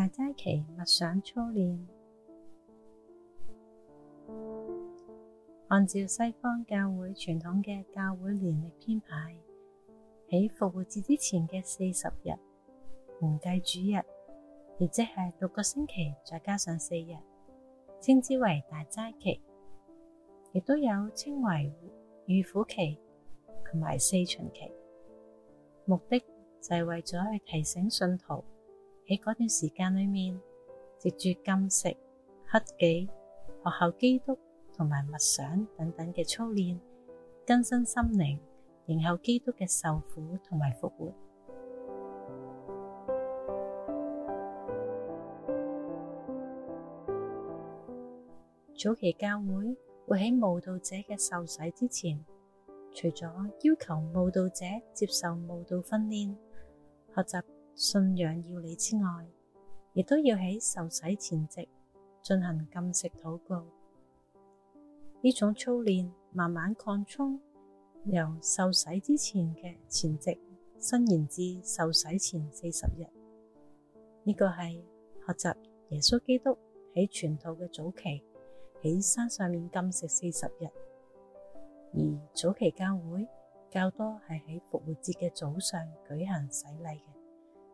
大齋期默想操練，按照西方教會傳統嘅教會年曆編排，喺復活節之前嘅四十日（唔計主日），亦即係六個星期再加上四日，稱之為大齋期，亦都有稱為預苦期同埋四旬期。目的就係為咗去提醒信徒。喺嗰段時間裏面，藉住禁食、克己、學效基督同埋默想等等嘅操練，更新心靈，迎候基督嘅受苦同埋復活。早期教會會喺慕道者嘅受洗之前，除咗要求慕道者接受慕道訓練，學習信仰要理之外，亦都要喺受洗前夕進行禁食禱告。呢種操練慢慢擴充，由受洗之前嘅前夕，伸延至受洗前四十日。呢個係學習耶穌基督喺傳道嘅早期喺山上面禁食四十日，而早期教會較多係喺復活節嘅早上舉行洗禮嘅。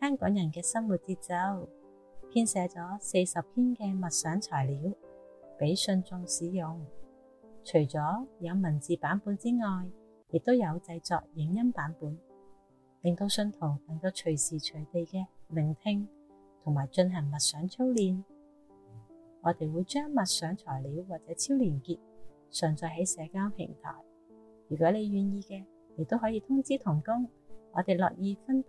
香港人嘅生活節奏，編寫咗四十篇嘅默想材料俾信眾使用。除咗有文字版本之外，亦都有製作影音版本，令到信徒能夠隨時隨地嘅聆聽同埋進行默想操練。我哋會將默想材料或者超連結上載喺社交平台。如果你願意嘅，亦都可以通知同工，我哋樂意分批。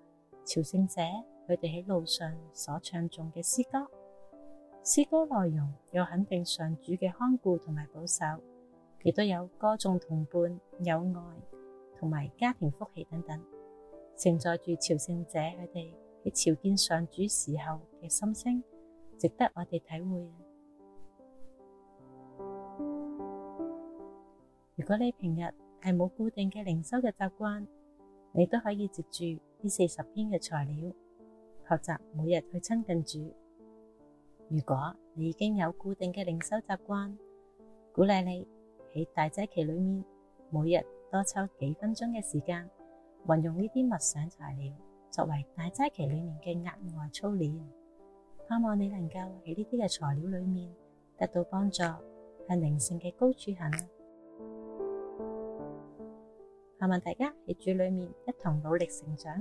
朝聖者佢哋喺路上所唱誦嘅詩歌，詩歌內容有肯定上主嘅看顧同埋保守，亦都有歌頌同伴友愛同埋家庭福氣等等，承載住朝聖者佢哋喺朝見上主時候嘅心聲，值得我哋體會。如果你平日係冇固定嘅靈修嘅習慣，你都可以接住。呢四十篇嘅材料，學習每日去親近主。如果你已經有固定嘅靈修習慣，鼓勵你喺大齋期裏面每日多抽幾分鐘嘅時間，運用呢啲默想材料作為大齋期裏面嘅額外操練。盼望你能夠喺呢啲嘅材料裏面得到幫助，喺靈性嘅高處行。問問大家喺主裏面一同努力成長。